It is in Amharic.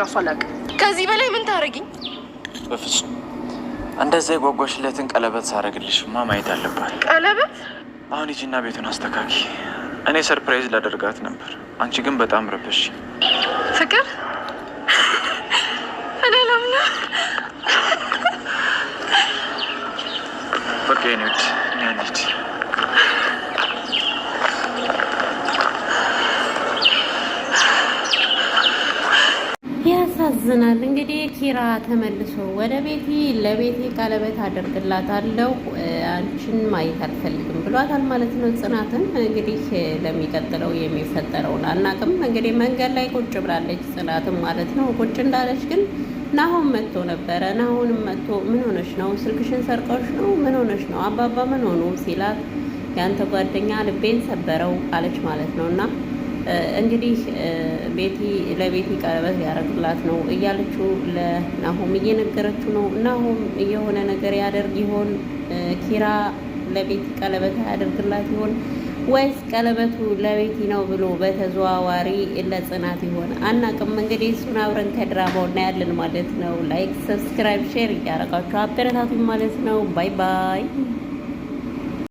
ራሱ አላውቅም። ከዚህ በላይ ምን ታደርጊኝ? በፍጹም እንደዛ የጓጓሽለትን ቀለበት ሳረግልሽማ ማየት አለባት። ቀለበት? አሁን ሂጂና ቤቱን አስተካኪ። እኔ ሰርፕራይዝ ላደርጋት ነበር፣ አንቺ ግን በጣም ረበሽ። ፍቅር ለምነ በቃ ኔድ ኔድ ያሳዝናል። እንግዲህ ኪራ ተመልሶ ወደ ቤቴ ለቤቴ ቀለበት አደርግላታለሁ አንቺን ማየት አልፈልግም ብሏታል ማለት ነው። ጽናትን እንግዲህ ለሚቀጥለው የሚፈጠረውን አናቅም። እንግዲህ መንገድ ላይ ቁጭ ብላለች ጽናትም ማለት ነው። ቁጭ እንዳለች ግን ናሁን መጥቶ ነበረ። ናሁንም መጥቶ ምን ሆነች ነው? ስልክሽን ሰርቀሽ ነው? ምን ሆነች ነው? አባባ ምን ሆኑ ሲላት ያንተ ጓደኛ ልቤን ሰበረው አለች ማለት ነው እና እንግዲህ ቤቲ ለቤቲ ቀለበት ሊያደርግላት ነው እያለችው ለናሆም እየነገረችው ነው። ናሆም የሆነ ነገር ያደርግ ይሆን? ኪራ ለቤቲ ቀለበት ያደርግላት ይሆን ወይስ ቀለበቱ ለቤቲ ነው ብሎ በተዘዋዋሪ ለጽናት ይሆን? አናቅም። እንግዲህ እሱን አብረን ከድራማው እናያለን ማለት ነው። ላይክ፣ ሰብስክራይብ፣ ሼር እያደረጋችሁ አበረታቱኝ ማለት ነው። ባይ ባይ